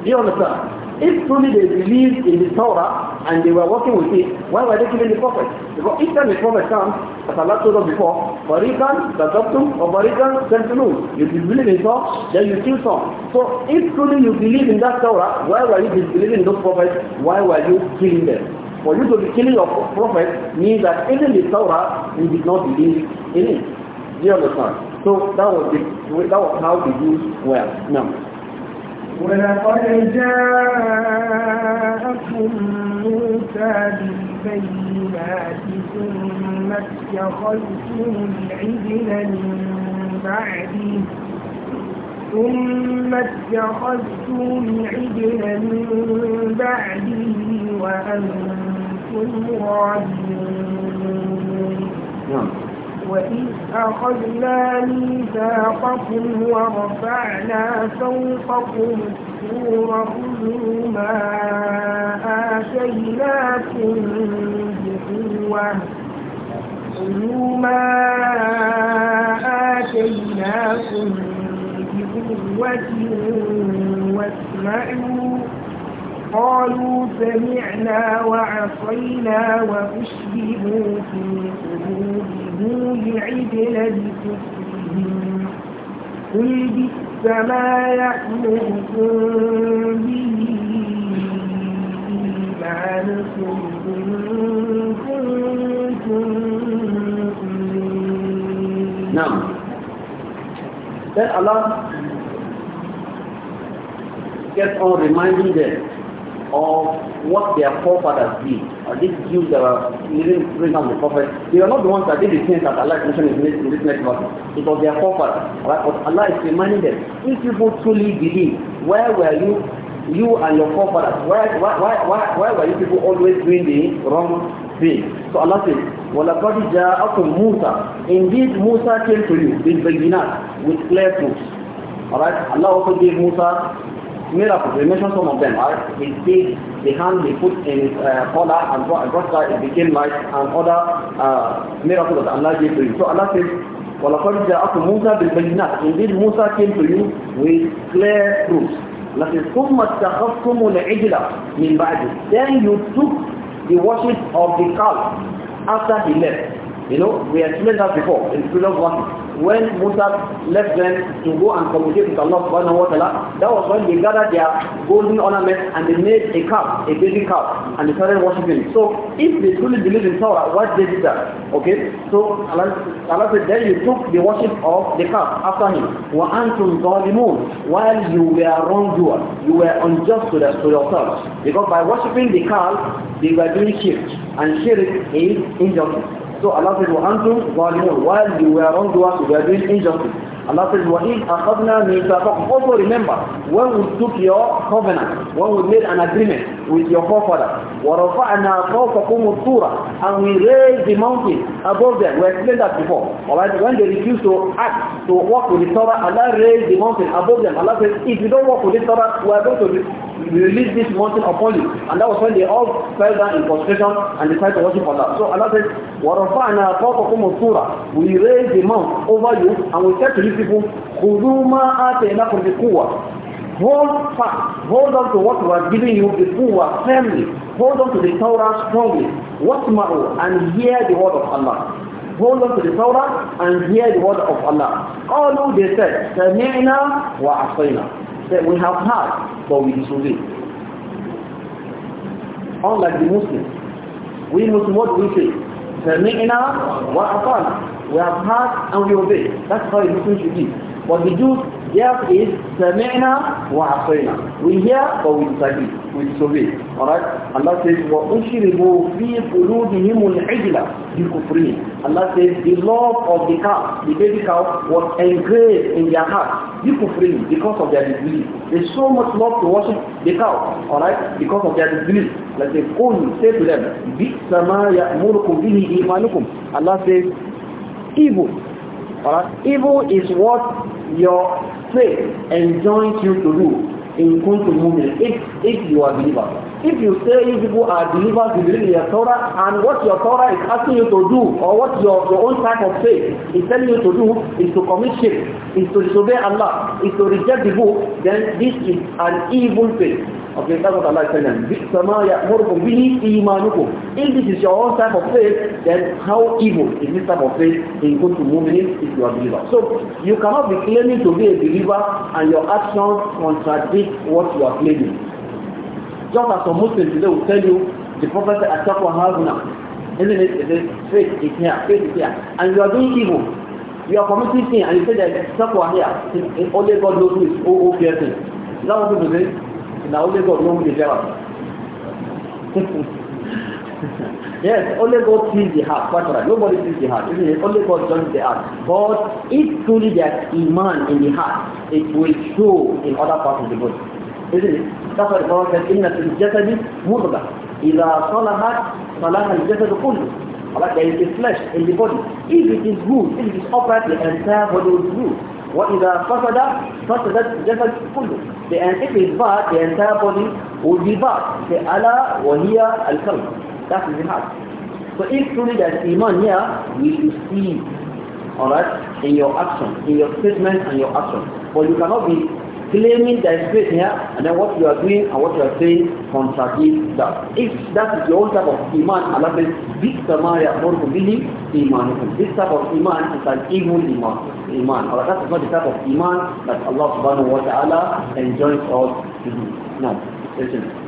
[SPEAKER 1] Do you understand? If truly they believed in the Torah and they were working with it, why were they killing the prophet? Because each time the prophet comes, as Allah told us before, Barikan, Tazabtum, or Barikan, If You believe in Torah, then you kill some. So if truly you believe in that Torah, why were you disbelieving those prophets? Why were you killing them? For you to be killing of prophet means that even the Torah, you did not believe in it. Do you understand? So that was, the, that was how the Jews were. Now,
[SPEAKER 2] ولقد جاءكم موسى بالبينات ثم اتخذتم العجل من بعده ثم اتخذتم العجل من بعده وأنتم ظالمون وإذ أخذنا ميثاقكم ورفعنا فوقكم السور خذوا ما آتيناكم بقوة خذوا ما آتيناكم بقوة واسمعوا قالوا سمعنا وعصينا وأشربوا في قلوبهم Now, عجلا لكفرهم قل بئس ما يأمركم به إيمانكم إن كنتم نعم
[SPEAKER 1] Allah kept on reminding them of what their forefathers did or uh, these Jews that were living during time the Prophet, they are not the ones that did the things that Allah mentioned in this, in this next verse. It was their forefathers. Right? But Allah is reminding them, if people truly believe, where were you you and your forefathers, why, why, why, why, why were you people always doing the wrong thing? So Allah says, وَلَقَدْ جَاءَكُمْ Musa, Indeed, Musa came to you, with beginat, with clear proofs. Alright, Allah also gave Musa miracles. We mentioned some of them. Right? He sees the hand he put in his uh, collar and brought it became light and other uh, miracles that Allah gave to him. So Allah says, وَلَقَدْ جَاءَكُمْ مُوسَى بِالْبَيِّنَاتِ Indeed, Musa came to you with clear proofs. Allah says, ثُمَّ اتَّخَذْتُمُ الْعِجْلَ مِنْ بَعْدِ Then you took the worship of the calf after he left. You know, we explained that before in previous verses when Musa left them to go and communicate with Allah subhanahu wa ta'ala, that was when they gathered their golden ornaments and they made a calf, a baby calf, and they started worshipping. So if they truly believe in Torah, what they did that? Okay? So Allah, Allah said, then you took the worship of the calf after him. وَأَنْتُمْ ظَالِمُونَ While you were wrongdoers, you were unjust to, the, to yourselves. Because by worshipping the calf, they were doing shirk. And shirk is injustice. So Allah says, وَأَنْتُمْ ظَالِمُونَ While you were wrongdoers, you were doing injustice. Allah says, in أَخَذْنَا مِيثَاقَكُمْ Also remember, when we took your covenant, when we made an agreement with your forefathers, وَرَفَعْنَا فَوْقَكُمُ الطُّورَ And we raised the mountain above them. We explained that before. Alright, when they refused to act, to walk with the Torah, Allah raised the mountain above them. Allah says, if you don't walk with the Torah, we are going to we release this mountain upon you. And that was when they all fell down in prostration and decided to worship Allah. So Allah said, says, وَرَفَعْنَا فَوْقَكُمُ الطُّورَ We raise the mount over you and we said to these people, خُذُوا مَا آتَيْنَاكُمْ بِقُوَّةٍ Hold fast, hold on to what we are giving you The before firmly. Hold on to the Torah strongly. Watma'u and hear the word of Allah. Hold on to the Torah and hear the word of Allah. All they said, wa وَعَصَيْنَا that we have heard, but we disobey. Unlike the Muslims, we Muslims, what do we say? Sami'na wa atana. We have heard and we obey. That's how a Muslim should be. What we do here is سَمِعْنَا وَعَصَيْنَا We hear but we study, we disobey. Alright? Allah says وَأُشْرِبُوا فِي قُلُوبِهِمُ الْعِجْلَ بِكُفْرِينَ Allah says the love of the cow, the baby cow was engraved in their heart بِكُفْرِينَ because of their disbelief. There's so much love to worship the cow, alright? Because of their disbelief. Allah says قُلْ Say to them بِئْسَ مَا يَأْمُرُكُمْ بِهِ إِيمَانُكُمْ Allah says evil Alright? Evil is what your faith enjoins you to do in kuntum movement. if, if you are believer. If you say you people are believers, you believe your Torah, and what your Torah is asking you to do, or what your, your own type of faith is telling you to do, is to commit shirk, is to disobey Allah, is to reject the book, then this is an evil faith. Okay, that's what Allah is telling them. If this is your own type of faith, then how evil is this type of faith in going to movement if you are a believer? So you cannot be claiming to be a believer and your actions contradict what you are claiming. Just as some Muslims today will tell you, the Prophet said, Atakwa Haruna. Isn't it? It is faith is here, faith is here. And you are doing evil. You are committing sin and you say that Takwa here. Only God knows who is who fears sin. Is that what people say? Now only God knows the devil. yes, only God sees the heart. but right. Nobody sees the heart. Isn't it? Only God join the heart. But if truly there's iman in the heart, it will show in other parts of the body. Isn't it? That's why the Quran says, the فِي الْجَسَدِ مُضْغَةً إِذَا صَلَحَتْ صَلَحَ الْجَسَدِ كُلُّهُ Alright, there is a flesh in the body. If it is good, if it is upright the entire body will be good. وإذا فسد فسدت الجسد كله لأن if it's bad the entire body will be bad فألا وهي القلب that is the heart so if truly there is iman here we will see alright in your action in your statement and your action but you cannot be claiming that faith here and then what you are doing and what you are saying contradicts that. If that is your own type of iman, Allah says, this Samaria more believe iman. This type of iman is an evil iman. iman. Or that is not the type of iman that Allah subhanahu wa ta'ala enjoins us to do. Now, listen.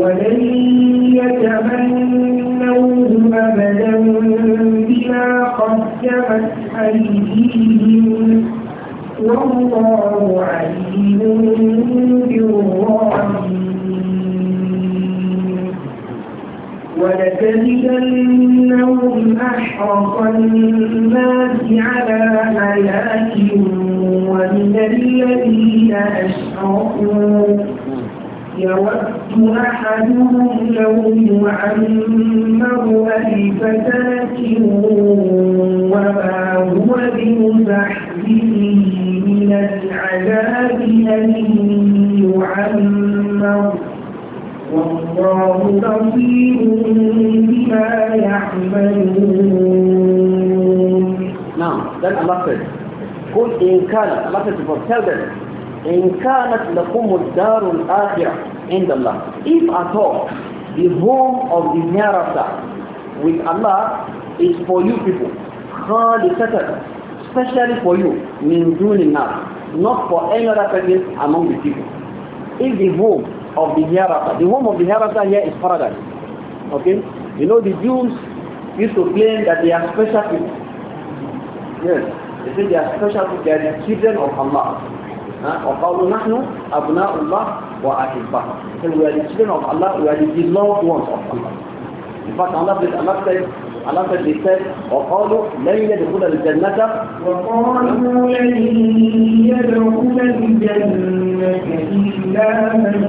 [SPEAKER 2] ولن يتمنوه أبدا بما قدمت أيديهم والله عليم بالظالمين ولتجدنهم أحرص الناس على حياتهم ومن الذين أشركوا يود أحدهم لو يعمر ألف سنة وما هو بمزحزحه من العذاب أن يعمر والله بصير بما
[SPEAKER 1] يعملون. Now, then Allah said, Good in Kana, Allah said to tell them, إن كانت لكم الدار الآخرة عند Allah. if at all the home of the hereafter with Allah is for you people خالصة especially for you من دون not for any other person among the people if the home of the hereafter the home of the hereafter here is paradise okay you know the Jews used to claim that they are special people yes they say they are special people they are the children of Allah وقالوا نحن أبناء الله وأحبه فهو يجبنا الله ويجب الله وانصف الله In fact, Allah said, Allah وقالوا لن يدخل الجنة وقالوا لن
[SPEAKER 2] يدخل الجنة إلا من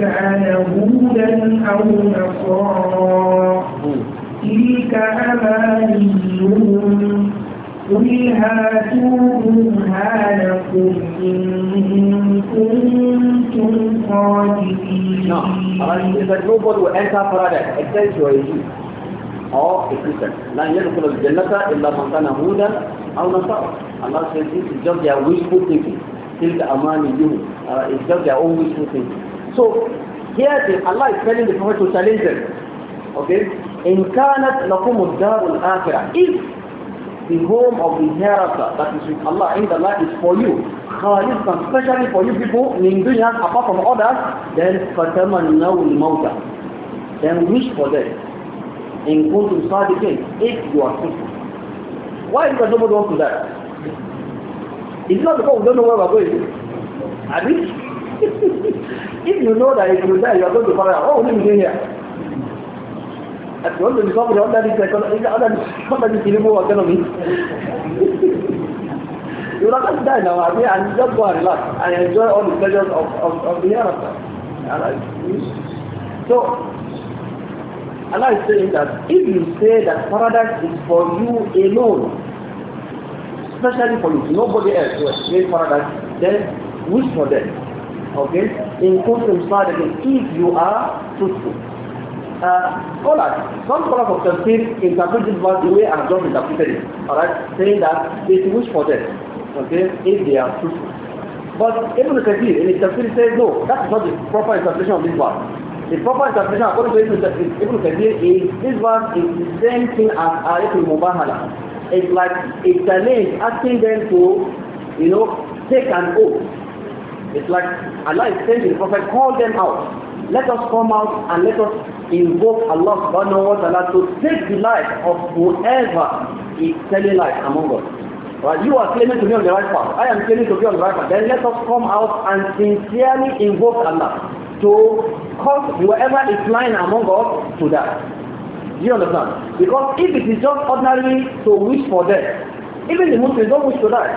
[SPEAKER 2] كان هودا أو نصارا hmm. تلك أمانيهم قل هاتوا برهانكم إن كنتم
[SPEAKER 1] صادقين نعم إذا نوبل وأنت فرادك الثالث ويجي أو الكتاب لن يدخل الجنة إلا من كان هودا أو نصارى الله says this is just their wishful thinking تلك أمانيهم uh, it's just their own wishful thinking so here the, Allah is telling the Prophet to challenge them okay إن كانت لكم الدار الآخرة if the home of the hereafter that is with Allah in the Allah is for you is especially for you people in dunya apart from others then فتمنوا الموت then wish for them to kuntum sadiqin if you are truthful why because nobody wants to die it's not because we don't know where we're going I mean <laughs> if you know that if you die you are going to follow oh let me here àti wọ́n lòdì sọ́kùnrin ọ̀dà ní ọ̀dà ní tìlúbù ọ̀tẹ́lọ̀mí you will not die now I mean, and just go and relax and enjoy all the pleasures of, of, of the hereafter so Allah is saying that if you say that paradise is for you alone, especially for you, nobody else will create paradise, then wish for them. Okay? In Kuntum Sadiqin, if you are truthful. Uh, alright, some scholars of Tafsir interpret this verse the way I have just interpreted it. Alright, saying that it's wish for them, okay, if they are truthful. But Ibn Kathir in his Tafsir says no, that's not the proper interpretation of this verse. The proper interpretation according to Ibn Kathir is this verse is the same thing as Ayatul Mubahala. It's like a challenge asking them to, you know, take an oath. It's like Allah is saying to the Prophet, call them out. Let us come out and let us invoke Allah subhanahu wa ta'ala to take the life of whoever is selling life among us. Right? You are claiming to be on the right path. I am claiming to be on the right path. Then let us come out and sincerely invoke Allah to cause whoever is lying among us to die. Do you understand? Because if it is just ordinary to wish for death, even the Muslims don't wish to die.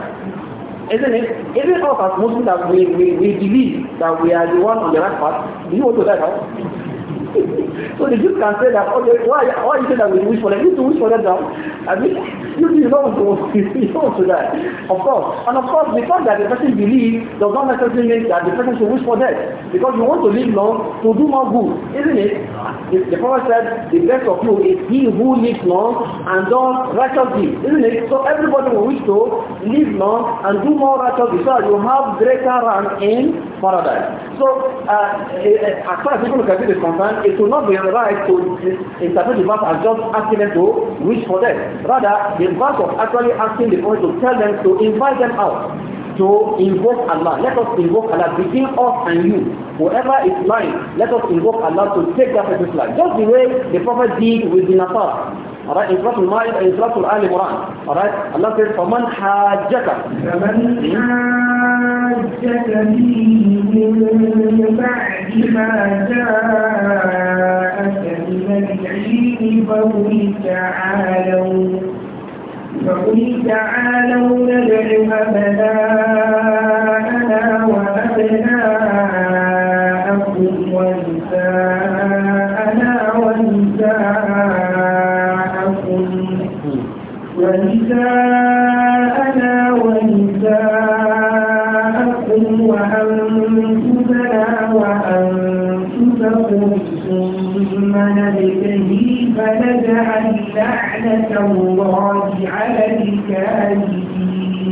[SPEAKER 1] Isn't it? Even us as Muslims that we, we, we believe that we are the one on the right path, do you want to die now? so the Jews can say that, okay, why, why you say that we wish for them? You to wish for them now. I mean, you do not want to, <laughs> you don't want to die. Of course. And of course, because that the person believes does not necessarily mean that the person should wish for death. Because you want to live long to do more good, isn't it? The, the Prophet said, the best of you is he who lives long and does righteous deeds, isn't it? So everybody will wish to live long and do more righteous deeds. So you have greater rank in paradise. So, uh, eh, eh, as far as people look at is concerned, it will not be right to interpret the verse as just asking them to wish for them. Rather, the verse of actually asking the Prophet to tell them to invite them out to invoke Allah. Let us invoke Allah between us and you. Whoever is lying, let us invoke Allah to take that person's life. Just the way the Prophet did with the Nasara. Alright, إفراط المال إفراط الآل مران Alright, Allah says فمن حاجك فمن
[SPEAKER 2] حاجك فيه من بعد ما جاءك من فقل تعالوا فقل تعالوا ندع أبناءنا وأبناءكم نساءنا ونساءكم وأنفسنا وأنفسكم ثم نبتهي فنجعل لعنة الله على الكاذبين.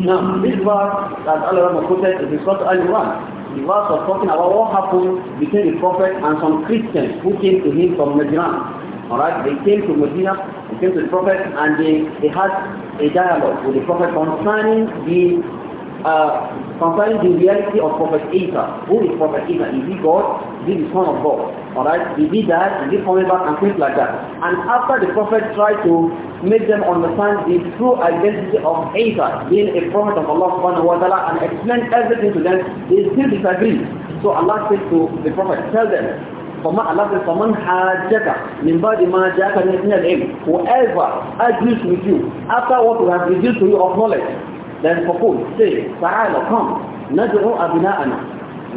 [SPEAKER 1] نعم بالبار قال الله لما كنت في صوت الوان the verse was talking about what happened between the prophet and some Christians who came to him from Najran. Alright, they came to Medina, they came to the Prophet, and they, they had a dialogue with the Prophet concerning the uh, concerning the reality of Prophet Isa. Who is Prophet Isa? Is he God? Is he the Son of God? Alright? Is he that? Is he coming back? And things like that. And after the Prophet tried to make them understand the true identity of Isa, being a Prophet of Allah subhanahu wa ta'ala, and explain everything to them, they still disagree. So Allah said to the Prophet, tell them, فما Allah says, فَمَنْ حَاجَكَ مِنْ بَعْدِ مَا جَاكَ مِنَ الْعِلْمِ Whoever agrees with you after what we have revealed to you of knowledge, then فَقُلْ Say, تعالى, come, نَدْعُوا أَبْنَاءَنَا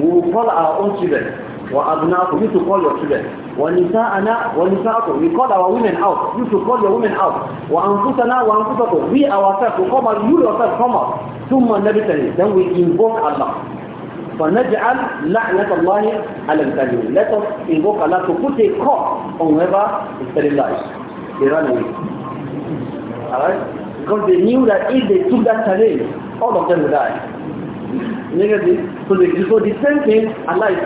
[SPEAKER 1] We will call our own children. وَأَبْنَاءَكُمْ You to call your children. وَنِسَاءَنَا وَنِسَاءَكُمْ We call our women out. You to call your women out. وَأَنفُسَنَا وَأَنفُسَكُمْ We ourselves, to come out. You yourself come out. ثُمَّ نَبِتَنِي Then we invoke Allah. فنجعل لعنة الله على الكافرين let us invoke Allah to put a curse on whoever is telling lies they run away alright because they knew that if they took that challenge all of them would die negative so they so the same thing Allah is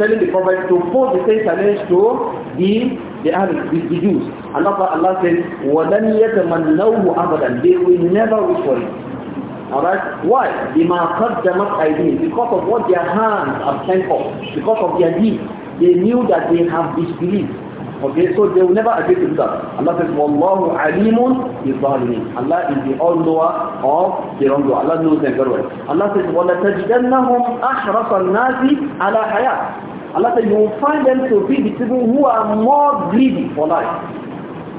[SPEAKER 1] telling the prophet to pose the same challenge to the the Arabs, the, the Jews and that's Allah says وَلَنْ يَتَمَنَّوْهُ أَبَدًا they will never wish for it Alright? Why? They must have them up ideas because of what their hands have sent for, because of their deeds. They knew that they have disbelieved. Okay, so they will never agree to that. Allah says, Wallahu alimun bizalimin. Allah is the all-knower of the wrongdoer. Allah knows them very well. Allah says, وَلَتَجِدَنَّهُمْ أَحْرَصَ النَّاسِ Ala Hayat. Allah says, you will find them to be the people who are more greedy for life.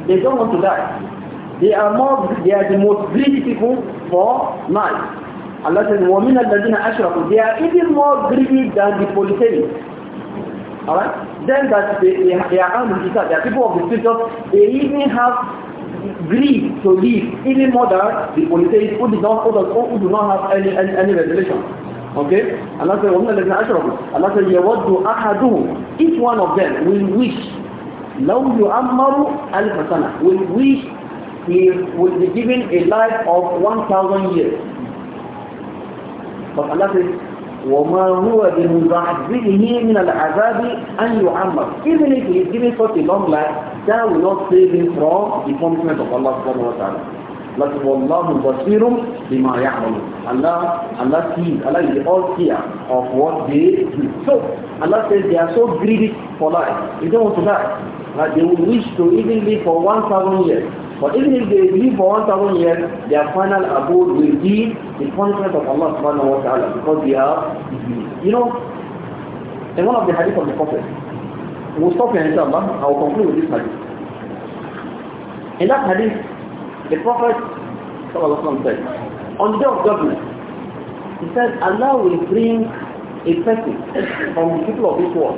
[SPEAKER 1] They don't want to die. They are more, they are the most greedy people for money. Allah says, وَمِنَ الَّذِينَ أَشْرَكُوا They are even more greedy than the polytheists. Alright? Then that they, they, they are unbelievers, they are people of the scriptures, they even have greed to live, even more than the polytheists who, did not, who, do not have any, any, any revelation. Okay? Allah says, وَمِنَ الَّذِينَ أَشْرَكُوا Allah says, يَوَدُّ أَحَدُهُمْ Each one of them will wish لو ammaru ألف سنة will wish he will be given a life of 1,000 years. But Allah says, وَمَا هُوَ بِمُزَعْزِهِ مِنَ الْعَذَابِ أَنْ يُعَمَّرْ Even if he is given such a long life, that will not save him from the punishment of Allah subhanahu wa ta'ala. لكن والله بصير بما يعمل Allah, Allah sees Allah is all seer of what they do so Allah says they are so greedy for life they don't want to die like they will wish to even live for 1000 years but even if they live for 1,000 years, their final abode will be the punishment of Allah subhanahu wa ta'ala because they are You know, in one of the hadith of the Prophet, we'll stop here inshallah, I will conclude with this hadith. In that hadith, the Prophet said, on the day of judgment, he said, Allah will bring a person from the people of this world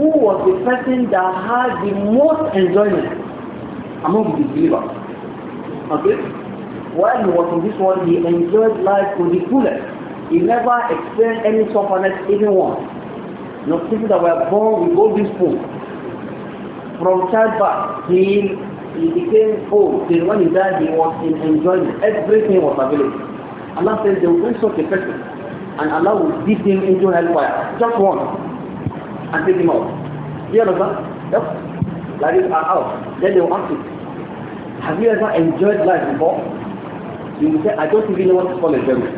[SPEAKER 1] who was the person that had the most enjoyment among the believers. Okay? While he was in this world, he enjoyed life to the fullest. He never experienced any suffering, even once. You people that were born with this food. From childbirth, he, he became old. Then when he died, he was in enjoyment. Everything was available. Allah says they will bring such a person and Allah will give him into hellfire. Just one. And take him out. You understand? Yep. That is our uh, out. Then they will ask him, have you ever enjoyed life before? You say, I don't even know what to call enjoyment.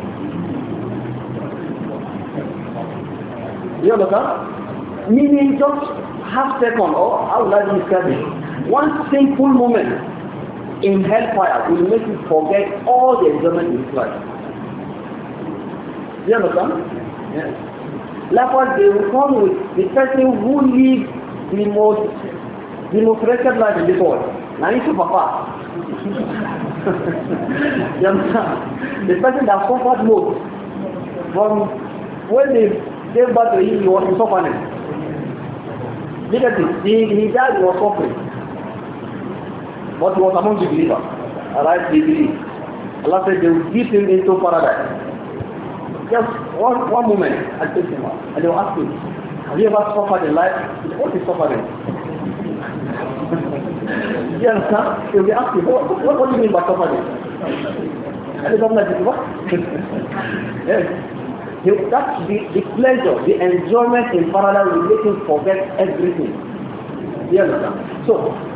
[SPEAKER 1] You understand? Meaning just half second or how would I describe it? One simple moment in hellfire will make you forget all the enjoyment in this life. you understand? Yes. Likewise, they will come with the person who lives the most, the most wretched life in this world. Now you papa. you The person that suffered most from when they came back, to him, he was suffering. Look at this. He, he died, he was suffering. But he was among the believers. Alright, they believe. Allah said they will give him into paradise. Just one, one moment, I'll take him out. And they will ask him, have you ever suffered in life? What is suffering? ينسى يقول لي be asking what What do you mean by somebody قال لي somebody what yes he, that's the, the pleasure the enjoyment in parallel will make him forget everything you understand so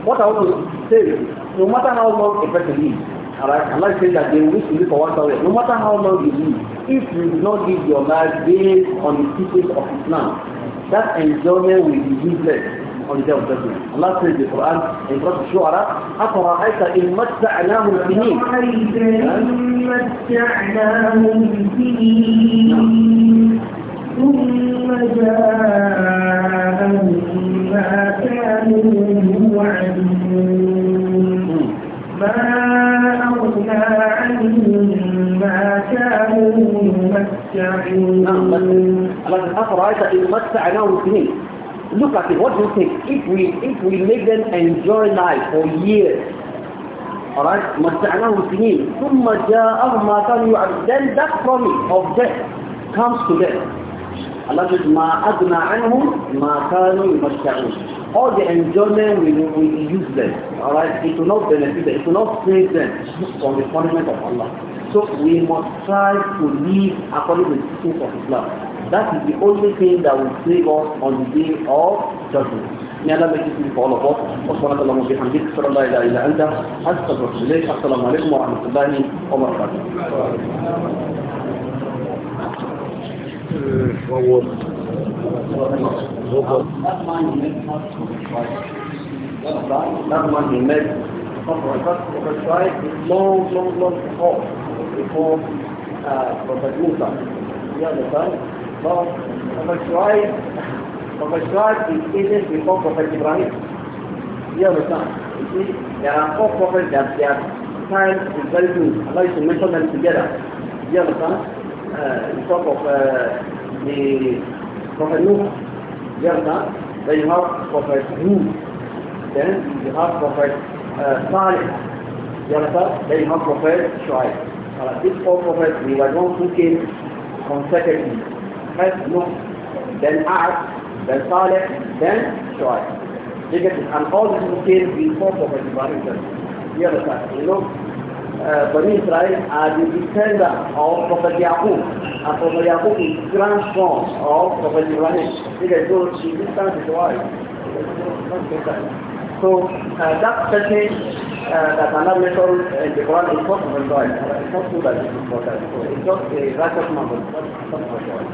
[SPEAKER 1] what I want to say is no matter how long a person lives alright I'm not saying that they wish to live for one thousand no matter how long you live if you do not live your life based on the teachings of Islam that enjoyment will be useless أولياء الدنيا الله سيد القرآن إن رب الشعراء أفرأيت إن متعناه سنين
[SPEAKER 2] أفرأيت إن متعناهم سنين ثم جاءهم ما كانوا يوعدون نعم. ما أغنى عنهم ما كانوا
[SPEAKER 1] يمتعون نعم، أفرأيت إن متعناهم سنين Look at it. What do you think? If we if we make them enjoy life for years, all right, مَتَّعْنَاهُمْ سِنِينَ ثُمَّ جَاءَهُمْ مَا كَانُوا يُعْبُدُونَ Then that promise of death comes to them. Allah says, مَا أَغْنَى عَنْهُمْ مَا كَانُوا يُمَتَّعُونَ All the enjoyment will, will use them. All right, it will not benefit them. It will not save them just from the punishment of Allah. So we must try to live according to the teachings of Islam. That is the only thing that will save us on the day of judgment. May Allah make it for all of us. وصلى الله وبحمده صلى الله لا إله إلا أنت أستغفرك إليك السلام That man he met not to a long, long, long before, before uh, Prophet Musa. You understand? Bon, ومشروعية ومشروعية الإيجنت بيكون بروفيت إبراهيم يا رسول There are four prophets that their time is very good. i to mention them together. You understand? Uh, in you of uh, the Prophet Nuh. You understand? Then you have Prophet Nuh. Then you have Prophet uh, Salih. You Then you have Prophet Shuaib. Uh, these four prophets, we were going to who consecutively. First Nuh, then Ad, then Saleh, then Shuaib. You get it? And all this came before Prophet Ibrahim. You understand? You know, uh, Israel are the descendants of Prophet Yaqub. And Prophet Yaqub is grandson of Prophet You get so So uh, that passage uh, that another method uh, in the Quran is not for God. It's not true that it is for So it's just a righteous number, it's not for God.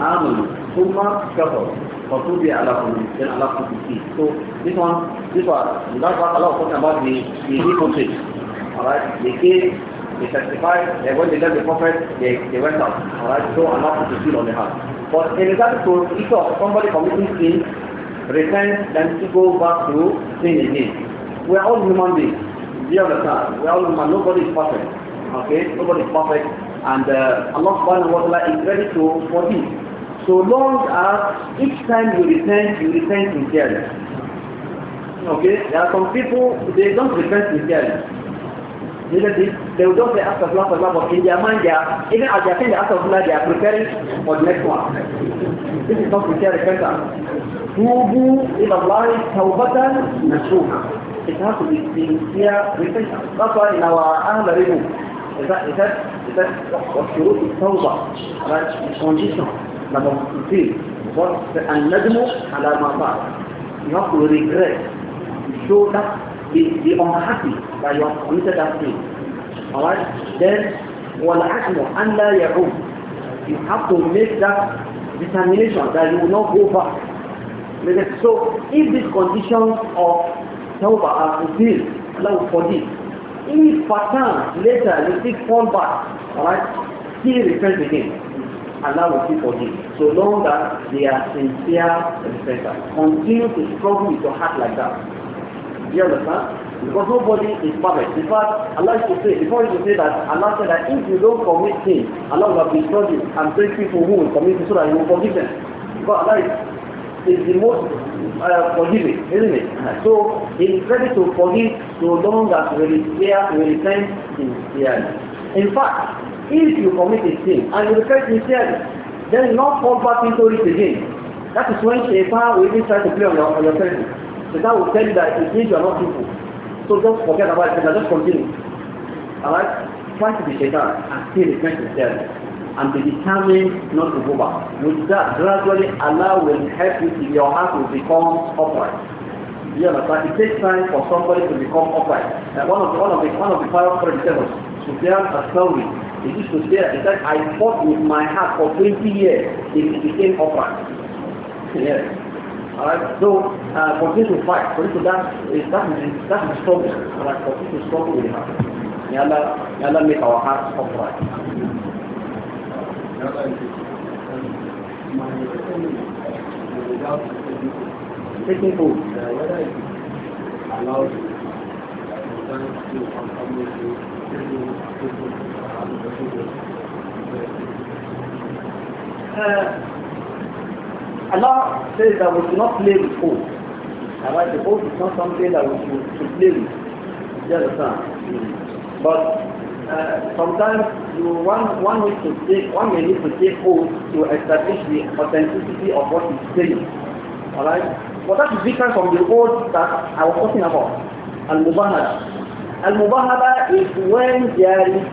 [SPEAKER 1] آمنوا ثم كفروا فطوبى على قلوبهم then Allah put the So this one, this one, that's what Allah was talking about the, the hypocrites. Alright, they came, they testified, they when they left the prophet, they, they went out. Alright, so Allah put the seed on their heart. But in regard to if somebody committing sin, repent, then to go back to sin again. We are all human beings. Do you understand? We are all human. Nobody is perfect. Okay? Nobody is perfect. And uh, Allah subhanahu wa ta'ala is ready to forgive. So long as each time you repent, you repent sincerely. Okay? There are some people, they don't repent sincerely. You know this? They will just say, Astagfirullah, love, but in their mind, they are, even as they are saying the love, they are preparing for the next one. This is not sincere repentance. Tubu ila Allah tawbatan nasuha. It has to be sincere repentance. That's why in our Ahlul Rebook, is that, is that, is that, what's the root of tawbah? Right? It's conditional. number 15. What the al You have to regret. You show that be, be unhappy that you have committed that sin. Alright? Then, wal-azmu under your ya'ud. You have to make that determination that you will not go back. So, if this condition of tawbah are fulfilled, Allah will forgive. If per later you still fall back, alright, still repent again. Allah will keep forgive. So long as they are sincere respecters. Continue to struggle with your heart like that. Do you understand? Because nobody is perfect. In fact, Allah used to say, before you say that, Allah said that if you don't commit sin, Allah will destroy you and take people who will commit sin so that you will forgive them. Because Allah is, is the most uh, forgiving, isn't it? So it is ready to forgive so long as we repent sincerely. In fact, if you commit a sin and you repent sincerely, then not fall back into it again. That is when Shaitan will even try to play on your, on your person. Shaitan will tell you that it means you are not people. So just forget about it and just continue. Alright? Try to be Shaitan and still repent sincerely. And be determined not to go back. With that, gradually Allah will help you, your heart will become upright. You understand? It takes time for somebody to become upright. And one of the, one of the, one of the five predecessors, Sufyan a thawri used to say that said, I fought with my heart for 20 years till it became upright. <laughs> yes. Alright, so uh, continue to fight. Continue to that, that is, that is struggle. Alright, continue to struggle with heart. May Allah, may Allah make our hearts upright. Taking food. Whether it allows to uh, Allah says that we should not play with hope. Alright, the hope is not something that we should, should play with. You understand? But uh, sometimes you, one, one needs to take, one may need to take hold to establish the authenticity of what is saying. Alright? But that is different from the old that I was talking about, al-mubahada. Al-mubahada is when there is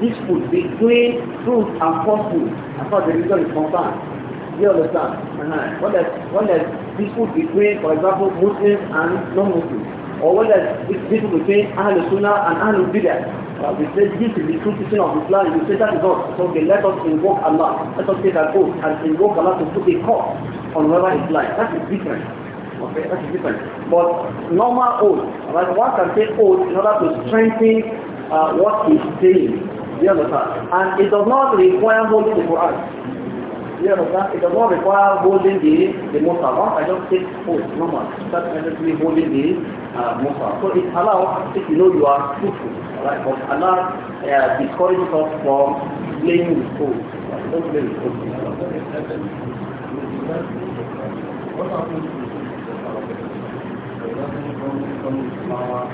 [SPEAKER 1] dispute between truth and falsehood I thought the religion is Do You understand? Uh-huh. When there's when there's dispute between, for example, Muslims and non-Muslims, or when there's dispute between Ahlul Sunnah and Ahlul Bidah. Uh, we say this is the true teaching of Islam. We say that is not. So okay, let us invoke Allah. Let us take that oath and invoke Allah to put a curse on whoever is lying. That is different. Okay, that is different. But normal oath, right? One can take oath in order to strengthen uh, what is saying. You understand? Uh, and it does not require holding the Quran. You understand? Uh, it does not require holding the, the Musa. Once I just take hold, normal. That's necessarily holding the uh, Musa. So it allows if you know you are truthful. Right? But Allah uh, discourages us from playing with food. Don't play with food. What happens to the power?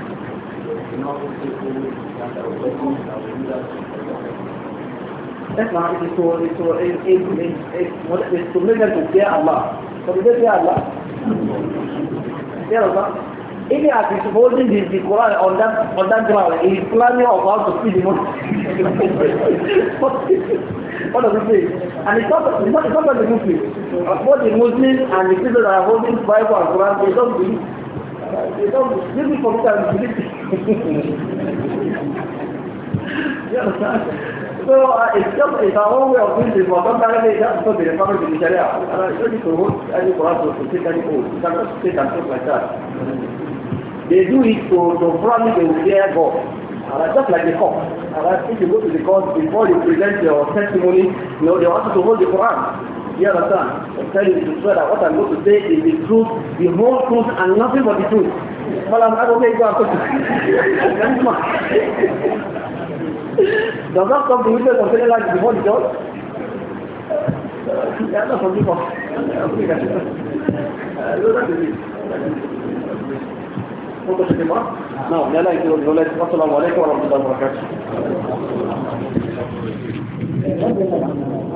[SPEAKER 1] اسمع انتوا انتوا انتوا بتمرجوا يا الله طب ده يا الله يا الله If you are holding the, the Quran on that on that ground, it is planning of how to see the moon. what does it say? And it's not it's not, it's not about the Muslims. Both the Muslims and the people that are holding Bible and Quran, they don't believe. They don't believe for me and believe. <laughs> so uh, it's just it's our own way of doing this. But sometimes they just to be recovered in the Sharia. And I really promote any for us to take any oath. You cannot take and talk like that. They do it to, to front they will God. And uh, I just like the court. And uh, I think you go to the court before you present your testimony, you know, they want to hold the Quran. You understand? I'm telling you to swear that what I'm going to say is the truth, the whole truth, and nothing but the truth. Well, I'm not advocating go and talk to Does not come to witness of prayer like before the church? Uh,
[SPEAKER 2] not